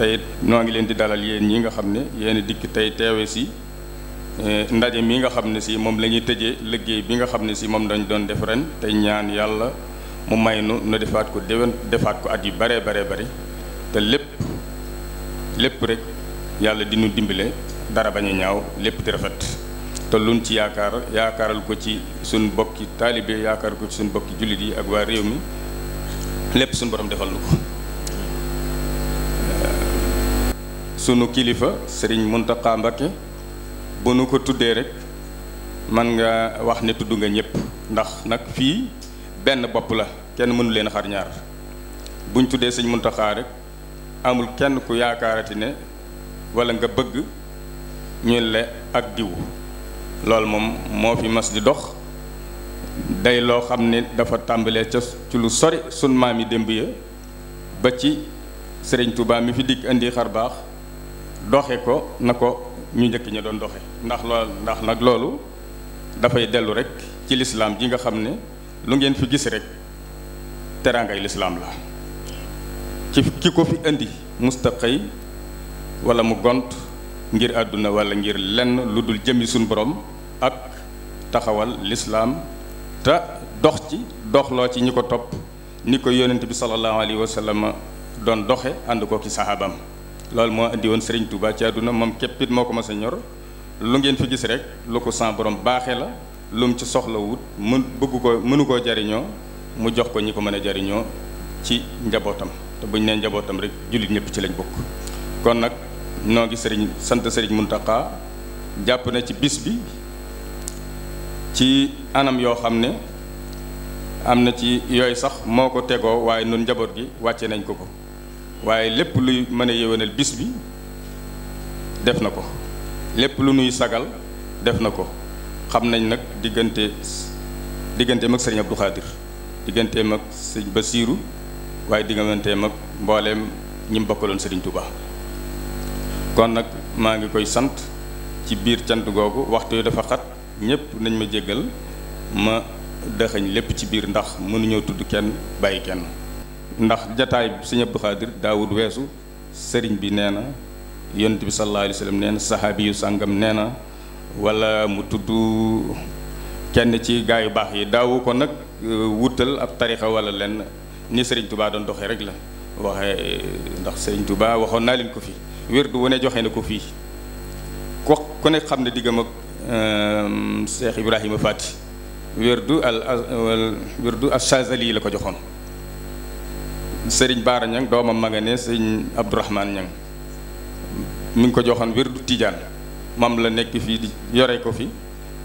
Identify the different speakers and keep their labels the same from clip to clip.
Speaker 1: teyit noo ngi leen di dalal yéen ñi nga xam ne yéen dikk tey teewe si eh, ndaje mi nga xam ne si moom lañuy tëje liggéey bi nga xam ne si moom dañ doon def ren tey ñaan yàlla mu may nu nu defaat ko defaat ko at yu baree baree bari te lépp lépp rek yàlla di nu dimbale dara bañ a ñaaw lépp di rafet te luñ ci yaakaar yaakaaral ko ci suñ bokki taalibe yaakaar ko ci suñ bokki jullit yi ak waa réew mi lépp suñ borom defal nu ko sunu kilifa sëriñ Muntaxa Mbakke bu nu ko tuddee rek man nga wax ne tudd nga ñëpp ndax nag fii benn bopp la kenn mënu leen xar buñ tuddee sëñ Muntaxa rek amul kenn ku yaakaarati ne walla nga bëgg ñu la ak diw loolu moom moo fi mas di dox day loo xam ne dafa tàmbalee ca ci lu sori sun maam yi démb ya ba ci sëriñ Touba mi fi dikk indi xar baax doxe ko na ko ñu njëkk ña doon doxe ndax lool ndax nag loolu dafay dellu rek ci lislaam ji nga xam ne lu ngeen fi gis rek teraangay lislaam la ci ki ko fi indi musta xëy wala mu gont ngir àdduna wala ngir lenn lu dul jëmi suñ borom ak taxawal lislaam te dox ci doxloo ci ñi ko topp ni ko yonent bi sallallahu alayhi wa sallam doon doxe ànd ko ki sahaabam loolu moo indi woon Serigne Touba ci àdduna moom képpit moo ko mas a ñor lu ngeen fi gis rek lu ko san borom baaxee la lu ci soxla wut mën bëgg ko mënu koo jariñoo mu jox ko ñi ko mën a jariñoo ci njabootam te buñ nee njabootam rek jullit ñëpp ci lañ bokk kon nag noo ngi sëriñ sant sëriñ Muntaqa jàpp na ci bis bi ci anam yoo xam ne am na ci yooyu sax moo ko tegoo waaye nun njaboot gi wàcce nañ ko ko waaye lépp luy mën a yéwénal bis bi def na ko lépp lu nuy sagal def na ko xam nañ nag diggante digganteem ak sëriñ Abdou Khadir digganteem ak sëriñ siiru waaye digganteem ak mbooleem ñi mu bokkaloon sëriñ Touba. kon nag maa ngi koy sant ci biir cant googu waxtu yi dafa xat ñépp nañ ma jéggal ma dëxëñ lépp ci biir ndax mënuñoo tudd kenn bàyyi kenn ndax jataay sëñ Abdou Khadir daawud weesu sëriñ bi nee na yonent bi sallallahu alayhi wa sallam nee na sàngam nee na wala mu tudd kenn ci gaa yu baax yi daawu ko nag euh, wutal ab tarixa wala lenn ni sëriñ Touba doon doxee rek la waxe ndax sëriñ Touba waxoon naa leen ko fii wér du wane joxe na ko fii ku ku xam ne diggam ak Cheikh Ibrahima Fati wér du al wér du al Chazali la ko joxoon sëriñ Baara Ñang doomam ma nga ne sëñ Abdourahman Ñang mi ngi ko joxoon wér du Tijaan mam la nekk fii di yore ko fi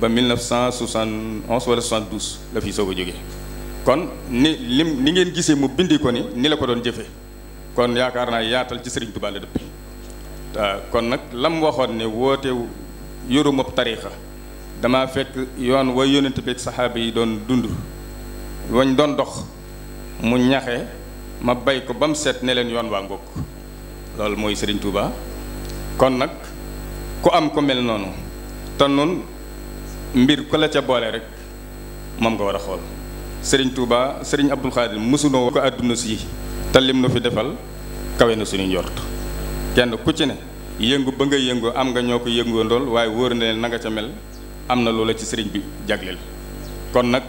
Speaker 1: ba 1971 wala 72 la fi soog a jógee kon ni lim ni ngeen gisee mu bindi ko ni ni la ko doon jëfee kon yaakaar naa yaatal ci Serigne Touba la dëpp Euh, kon nag lam waxoon ne woote yoruma tariixa dama fekk yoon way yónnent bi ak saxaaba yi doon dund wañ doon dox mu ñaxe ma bay ko ba mu set ne leen yoon waa ngokk loolu mooy Sëriñ Tuuba kon nag ku am ko mel noonu te noon mbir ku la ca boole rek moom nga war a xool Sëriñ Tuuba Sëriñ Abdul Xaadir mësunoo ko àdduna si te lim nu fi defal kawe na suñu njort kenn ku ci ne yëngu ba nga yëngu am nga ñoo ko yëngoo ndool waaye wóor na leen na ca mel am na loolu la ci sëriñ bi jagleel kon nag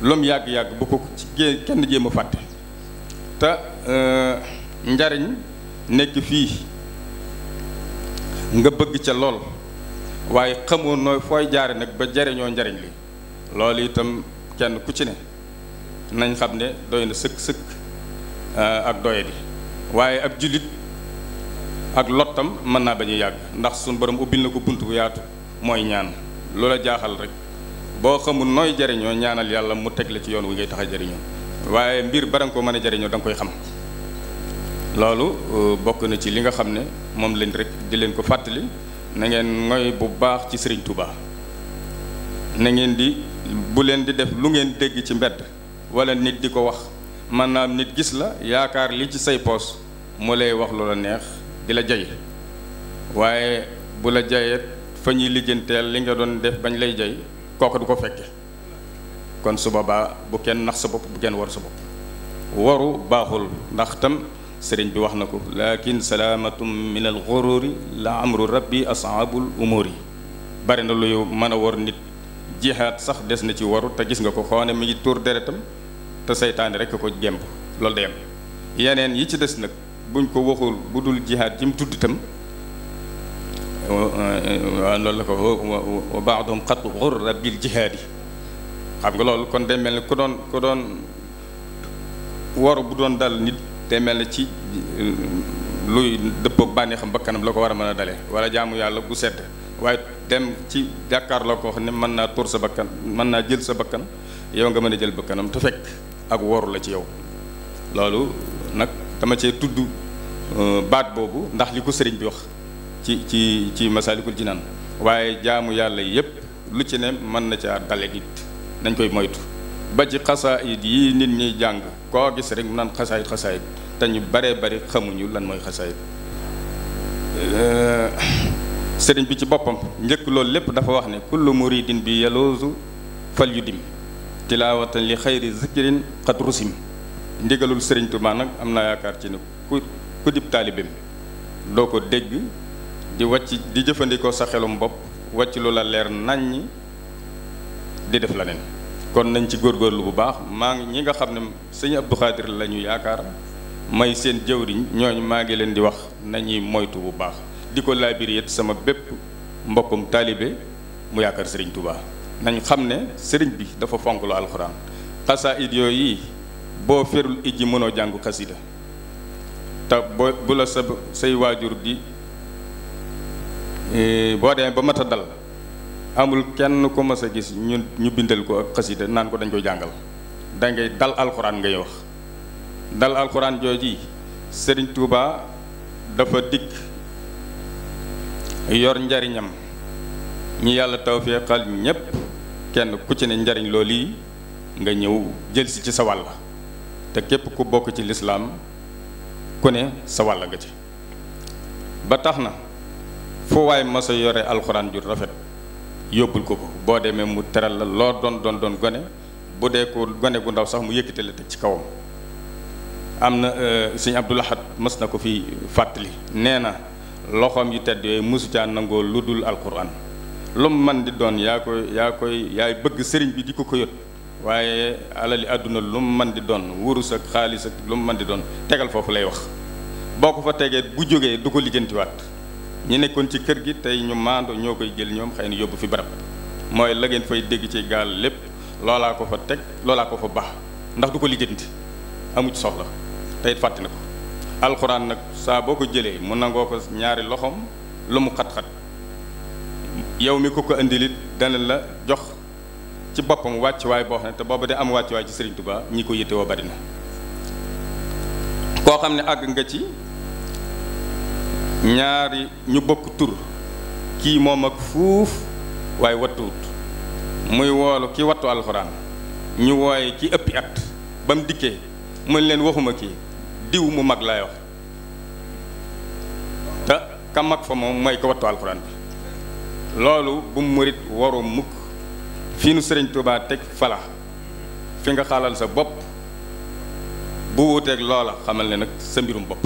Speaker 1: loom yàgg-yàgg bu ko ci kenn jéem a fàtte te euh, njariñ nekk fii nga bëgg ca lool waaye xamoo nooy fooy jaare nag ba jariñoo njariñ li loolu itam kenn ku ci ne nañ xam ne doy na sëkk sëkk euh, ak doye di waaye ab jullit ak lottam mën naa bañ a yàgg ndax suñu borom ubbil na ko bunt bu yaatu mooy ñaan loola jaaxal rek boo xamul nooy jariñoo ñaanal yàlla mu teg la ci yoon wi ngay tax a jariñoo waaye mbir bara nga ko mën a jariñoo danga koy xam loolu euh, bokk na ci li nga xam ne moom lañ rek di leen ko fàttali nangeen ngeen ngoy bu baax ci Sëriñ Tuubaa na ngeen di bu leen di def lu ngeen dégg ci mbedd wala nit di ko wax am nit gis la yaakaar li ci say poos mu lay wax loola neex di la jay waaye bu la jayet fa ñuy lijjanteel li nga doon def bañ lay jay kooka du ko fekke kon su boobaa bu kenn nax sa bopp bu kenn war sa bopp waru baaxul ndax tam sëriñ bi wax na ko lakin salaamatum min al xururi la amru rabbi asaabul umur yi bari na luy mën a war nit jihaat sax des na ci waru te gis nga ko xoone mi ngi tuur deretam te seytaane rekk ko gemb lool day am yeneen yi ci des nag buñ ko waxul bu dul jihaad ji mu tudd tam waaw euh, euh, loolu la ko baax baadohum xat xurra bil jihaad yi xam nga loolu kon day mel ni ku doon ku doon waru bu doon dal nit day mel ni ci euh, luy dëppoog bànneexam bakkanam la ko war a mën a dale wala jaamu yàlla bu sedd waaye dem ci jàkkaar la ko wax ne mën naa tuur sa bakkan mën naa jël sa bakkan yow nga mën a jël bakkanam te fekk ak woru la ci yow loolu nag dama cee tudd Euh, baat boobu ndax li ko sëriñ bi wax ci ci ci masaalikul naan waaye jaamu yàlla yépp lu ci ne mën na caa dale nit nañ koy moytu ba ci xasaayit yi nit ñuy jàng koo gis rek mu te ñu baree bari xamuñu lan mooy xasaayit euh, sëriñ bi ci boppam njëkk loolu lépp dafa wax ne kullu muridin bi yaloosu fal yu dim tilaawatan li xayri zikirin xat rusim ndigalul sëriñ Tuubaa nag am naa yaakaar ci ne ku ku dib taalibeem doo ko dégg di wàcc di jëfandikoo sa xelum bopp wàcc lu la leer naññ di def leneen kon nañ ci góorgóorlu bu baax maa ngi ñi nga xam ne sëñ Abdou Khadir la ñu yaakaar may seen jëwriñ ñooñ maa ngi leen di wax nañuy moytu bu baax di ko laabir yët sama bépp mbokkum taalibe mu yaakaar sëriñ tubaa nañ xam ne sëriñ bi dafa fonk lu alxuraan xasaa it yooyu boo ferul ijji mënoo jàng xasida te boo bu la sa say waajur di eh, boo demee ba mat a dal amul kenn ko mas a gis ñu ñu bindal ko ak xasida naan ko dañ koy jàngal dangay dal alxuraan ngay wax dal alxuraan jooji sëriñ Tuuba dafa dikk yor njariñam ñu yàlla taw tawféexal ñépp kenn ku ci ne njariñ loolu yi nga ñëw jëlsi ci sa wàll te képp ku bokk ci lislaam ku ne sa wàll nga ci ba tax na foo waay mas yore alxuraan ju rafet yóbbul ko ko boo demee mu teral la loo doon doon doon gone bu dee ko gone gu ndaw sax mu yëkkate la teg ci kawam am na euh, sëñ Abdou Lahad mas na ko fi fàttali nee na loxoom yu tedd yooyu mosu caa nangoo lu dul alxuraan lu mu man di doon yaa koy yaa koy yaay bëgg sëriñ bi di ko ko yot waaye alali àdduna lu mu mën di doon wurus ak xaalis ak lu mu mën di doon tegal foofu lay wax boo ko fa tegee bu jógee du ko lijjantiwaat ñi nekkoon ci kër gi tey ñu maando ñoo koy jël ñoom xay na yóbbu fi barab mooy la ngeen fay dégg ci gaal lépp loolaa ko fa teg loolaa ko fa baax ndax du ko lijjanti amu ci soxla tey fàtte na ko alxuraan nag saa boo ko jëlee mu nangoo ko ñaari loxoom lu mu xat-xat yow mi ko ko indilit dana la jox ci boppam wàccuwaay boo xam ne te booba de am wàccuwaay ci Serigne Touba ñi ko yittewoo bari na koo xam ne àgg nga ci ñaari ñu bokk tur kii moom ak fuuf waaye wattuwut muy woolu ki wattu alxuraan ñu wooye ki ëppi at ba mu dikkee mu leen waxuma kii diw mu mag lay wax te ah, ka mag fa moom mooy ko wattu alxuraan bi loolu bu murit waru mukk fii nu sëriñ Touba teg fala fi nga xalal sa bopp bu wuuteeg loola xamal ne nag sa mbirum bopp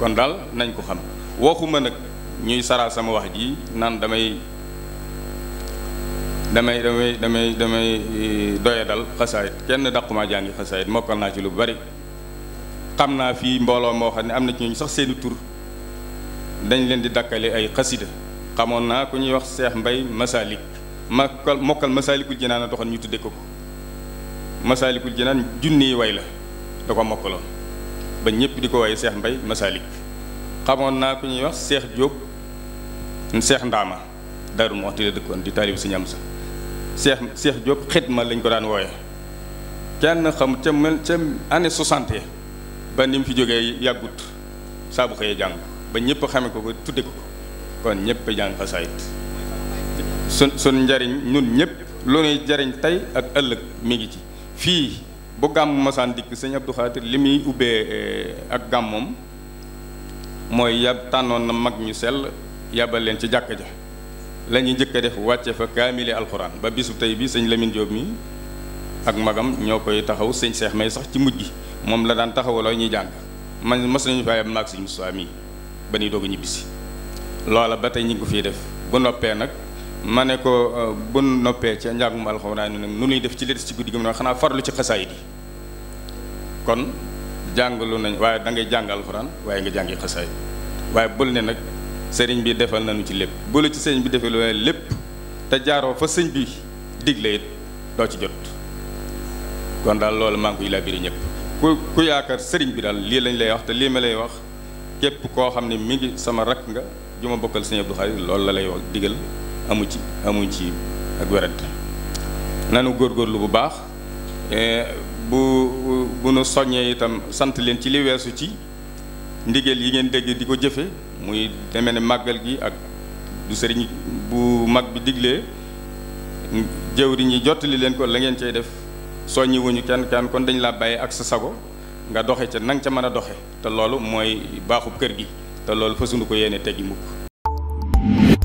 Speaker 1: kon dal nañ ko xam waxuma nag ñuy saraa sama wax ji naan damay damay damay damay damay eh, doya dal xasaayit kenn daquma jàngi xasaayit mokkal naa ci lu bari xam naa fii mbooloo moo xam ne am na ci ñu sax seeni tur dañ leen di dakkale ay xasida xamoon naa ku ñuy wax Seex Mbay Masalik mokkal mokkal masaalikul jinaan a taxoon ñu tudde ko ko masaalikul jinaan junniy way la da ko mokkaloon ba ñëpp di ko waye seex mbay masaalik xamoon naa ku ñuy wax seex jóob seex ndaama daaru mu wax di la dëkkoon di taalib si ñam sa seex seex jóob xidma lañ ko daan wooye kenn xam ca mel ca année soixante ba ni mu fi jógee yàggut saabu xëyee jàng ba ñëpp xamee ko ko tudde ko kon ñëpp jàng xasaayit sun sun njariñ ñun ñëpp lu nuy jariñ tey ak ëllëg mi ngi ci fii bu gàmm masaan dikk sëñ Abdou Khadir li muy ubbee eh, ak gàmmoom mooy yab tànnoon na mag ñu sell yàbbal leen ci jàkk ja la ñuy njëkk def wàcce fa kaamile alxuraan ba bisu tey bi sëñ Lamine Diop mi ak magam ñoo koy taxaw sëñ Seex may sax ci mujj gi moom la daan taxawaloo ñuy jàng ma mos nañu fayam maag sëñ Moussa mii ba ñuy doog a ñibbisi loola ba tey ñu ko fiy def bu noppee nag ma ne ko euh, bu noppee ca njàngum alxuraan nag nu ñuy def ci li des ci guddi gi mu ne xanaa farlu ci xasaayid yi kon jàngalu nañ waaye dangay ngay jàng alxuraan waaye nga jàngi xasaayid waaye bul ne nag sëriñ bi defal nañu ci lépp bulu ci sëriñ bi defal waaye lépp te jaaroo fa sëñ bi digle it ci jot kon daal loolu maa ngi ñëpp ku ku yaakaar sëriñ bi daal lii lañ lay wax te lii ma lay wax képp koo xam ne mi sama rakk nga ju ma sëñ Abdou loolu la lay wax digal amu ci amu ci ak wérante nanu góor góorlu bu baax e, bu bu nu soññee itam sant leen ci li weesu ci ndigal yi ngeen dégg di ko jëfe muy demee ne màggal gi ak du sëriñ bu mag bi diglee jëwriñ yi jottali leen ko la ngeen cay def soññi wuñu kenn kenn kon dañ laa bàyyi ak sa sago nga doxe ca nang ca mën a doxe te loolu mooy baaxub kër gi te loolu fa fasunu ko yéene teggi mukk